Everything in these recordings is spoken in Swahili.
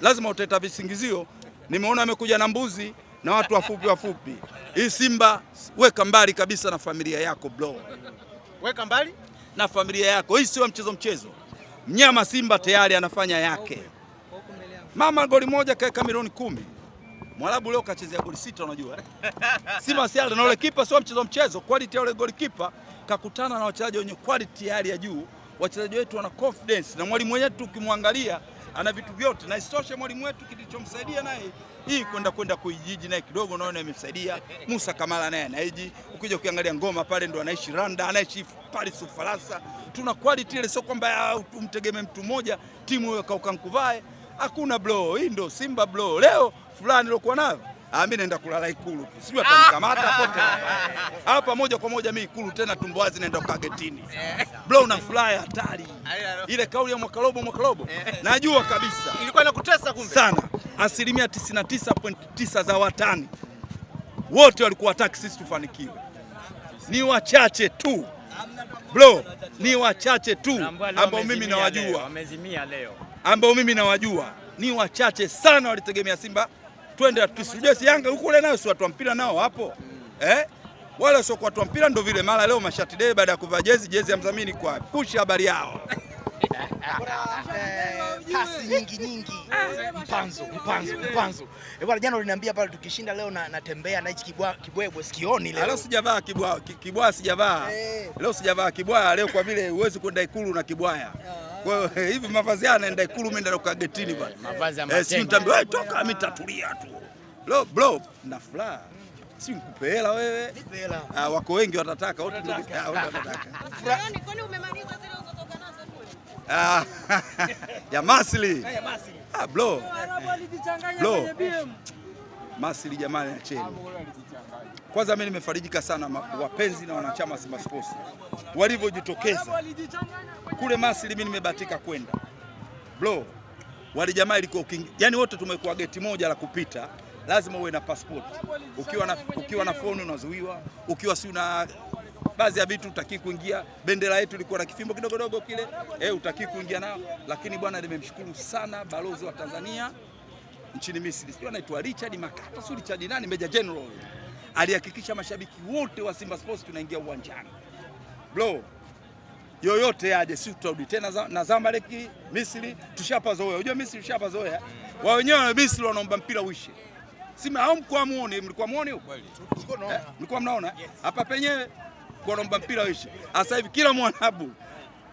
lazima utaleta visingizio. Nimeona amekuja na mbuzi na watu wafupi wafupi. Hii Simba weka mbali kabisa na familia yako bro, weka mbali na familia yako. Hii sio mchezo mchezo. Mnyama Simba tayari anafanya yake. Mama goli moja kaeka milioni kumi. Mwarabu leo kachezea goli sita, unajua Simba siala na ule kipa sio mchezo mchezo. Quality ya ule goli kipa kakutana na wachezaji wenye quality ya hali ya juu. Wachezaji wetu wana confidence na mwalimu wetu ukimwangalia ana vitu vyote, na isitoshe mwalimu wetu kilichomsaidia naye hii kwenda kwenda kuijiji naye kidogo, naona imemsaidia. Musa Kamala naye anaiji, ukija ukiangalia ngoma pale, ndo anaishi randa anaishi Paris Ufaransa. Tuna quality ile, sio kwamba umtegemee mtu mmoja, timu hiyo kaukankuvae hakuna bro. Hii ndo Simba bro. Leo fulani alikuwa nayo Ah, mimi naenda kulala Ikulu. Sijui atanikamata pote. Hapa moja kwa moja mimi Ikulu tena tumbo wazi naenda kagetini. Eh, Bro una fly hatari. Ile kauli ya mwaka robo mwaka robo. Eh. Najua kabisa. Ilikuwa inakutesa kumbe. Sana. Asilimia 99.9 za watani wote walikuwa wataki sisi tufanikiwe. Ni wachache tu. Bro, ni wachache tu ambao mimi nawajua. Ambao mimi nawajua. Ni wachache sana walitegemea Simba twende tusije si Yanga huko ile nayo si watu wa mpira nao hapo eh? Wala sio kwa mpira ndo vile mara leo mashati dei baada ya kuvaa jezi jezi ya mdhamini kwa push habari yao. Kasi nyingi nyingi, mpanzo mpanzo mpanzo. Eh bwana, jana uliniambia pale tukishinda leo na natembea na hichi kibwa kibwebwe sikioni leo. Eh. Leo sijavaa kibwa kibwa sijavaa. Leo sijavaa kibwa leo kwa vile huwezi kwenda ikulu na kibwaya. Ah. Kwa hiyo hivi mavazi haya anaenda Ikulu, mimi naenda kwa getini bwana. Eh, mavazi ya matengo. Eh, si mtambie eh, wewe toka, mimi tatulia tu. Lo bro, na furaha. Si nikupe hela wewe. Nipe hela. Ah, wako wengi watataka, wote watataka. Ah, yaani kwani umemaliza zile unazotoka nazo kule? Ah. Ya masli. Eh, ya masili. Ah bro. Bro. Masili jamani, acheni. Kwanza mimi nimefarijika sana wapenzi na wanachama Simba Sports walivyojitokeza kule Masili. Mimi nimebahatika kwenda bro, wale jamaa ilikuwa yani, wote tumekuwa geti moja la kupita, lazima uwe na passport. Ukiwa na ukiwa na phone unazuiwa, ukiwa si una baadhi ya vitu utakii kuingia. Bendera yetu ilikuwa na kifimbo kidogo dogo kile eh, utakii kuingia nao. Lakini bwana, nimemshukuru sana balozi wa Tanzania nchini Misri, sio anaitwa Richard Makato, sio Richard nani, Meja General alihakikisha mashabiki wote wa Simba Sports tunaingia uwanjani. Bro, yoyote aje, si tutarudi tena na Zamalek Misri, tushapazoea. Unajua Misri tushapazoea, wao wenyewe Misri wanaomba mpira uishe. Sima au mko amuone, mlikuwa muone huko eh, mlikuwa mnaona hapa penyewe kwa naomba mpira uishe. Sasa hivi kila mwanabu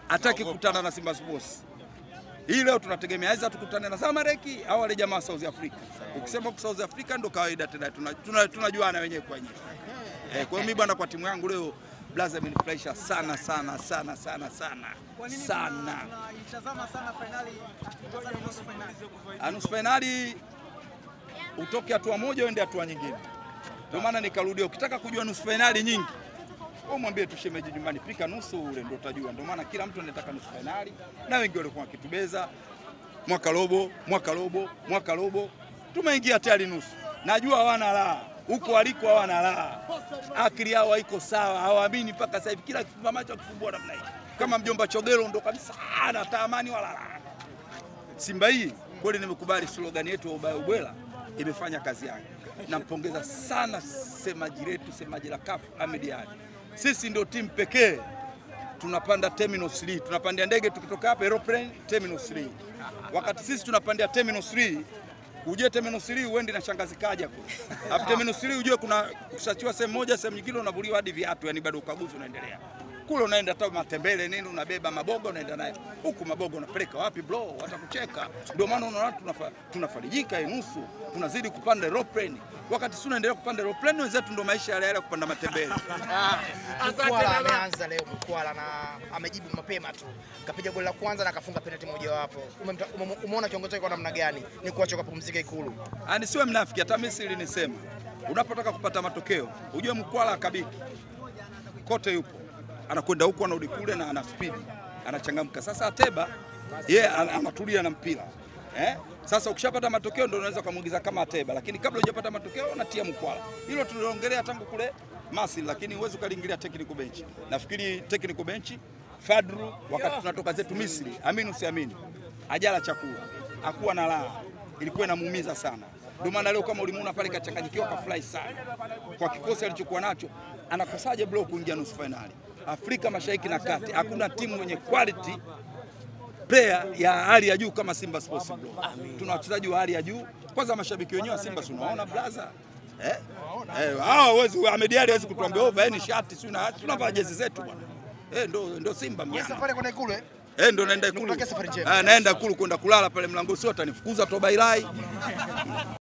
ataki kukutana na Simba Sports. Hii leo tunategemea aidha tukutane na Zamalek au wale jamaa South Africa. Ukisema kwa South Africa ndo kawaida tena tunajuana tuna, tuna wenyewe kwa wenyewe. Eh, kwa mimi bwana, kwa timu yangu leo Blaza amenifurahisha sana sana sana sana sana. Kwa nini sana? Itazama sana finali, nusu finali. Ah, nusu finali utoke hatua moja uende hatua nyingine. Ndio maana nikarudia, ukitaka kujua nusu finali nyingi Mwambie tu shemeji nyumbani, pika nusu ule ndio utajua. Ndio maana kila mtu anataka nusu fainali, na wengi walikuwa wakitubeza mwaka robo mwaka robo mwaka robo, tumeingia tayari nusu. Najua hawana la huko waliko, hawana la akili yao haiko sawa, hawaamini mpaka sasa hivi. Kila kifumba macho akifumbua namna hii, kama mjomba Chogero ndo kabisa anatamani wala la Simba hii kweli, nimekubali slogan yetu ya ubaya ubwela imefanya kazi yake. Nampongeza sana semaji letu, semaji la kafu Ahmed Ali. Sisi ndio timu pekee tunapanda terminal 3, tunapandia ndege tukitoka hapa aeroplane terminal 3. Wakati sisi tunapandia terminal 3, ujue terminal 3 uende na shangazi kaja kwa hapo terminal 3, ujue kuna kusachiwa sehemu moja sehemu nyingine unavuliwa hadi viatu, yani bado ukaguzi unaendelea kule unaenda hata matembele nini, unabeba maboga unaenda naye huku, maboga unapeleka wapi bro? Watakucheka. Ndio maana unaona tunafa, tunafarijika nusu, tunazidi kupanda aeroplane wakati si unaendelea kupanda aeroplane. Wenzetu ndio maisha yale yale kupanda matembele. Ah, ameanza leo Mkwala na amejibu mapema tu, kapiga goli la kwanza na kafunga penalti moja wapo. Umeona kiongozi wake kwa namna gani? Ni kuacha kupumzika Ikulu. Ah, siwe mnafiki, hata mimi sili nisema, unapotaka kupata matokeo ujue Mkwala akabiki kote yupo anakwenda huko anarudi kule na ana speed anachangamka. Sasa Ateba yeye yeah, anatulia na mpira eh? Sasa ukishapata matokeo ndio unaweza ukamwingiza kama Ateba, lakini kabla hujapata matokeo unatia mkwala. Hilo tuliongelea tangu kule Masi, lakini huwezi ukaliingilia technical bench. Nafikiri technical bench Fadru, wakati tunatoka zetu Misri, amini usiamini, ajala chakula hakuwa na raha, ilikuwa inamuumiza sana. Ndio maana leo kama ulimuona pale kachanganyikiwa, kafurahi sana kwa kikosi alichokuwa nacho. Anakosaje bro kuingia nusu fainali? Afrika Mashariki na Kati hakuna timu yenye quality player ya hali ya juu kama Simba Sports bro. Tuna wachezaji wa hali ya juu. Kwanza mashabiki wenyewe wa Simba tunaona brother. Eh? Eh, hao wezi Ahmed Ali hawezi kutuambia over yani shati si na tunavaa jezi zetu bwana. Eh, ndo ndo Simba mwana. Yes, safari kwenda ikulu eh? Eh, ndo naenda ikulu. Ah, naenda ikulu kwenda kulala pale mlango sio atanifukuza toba ilai.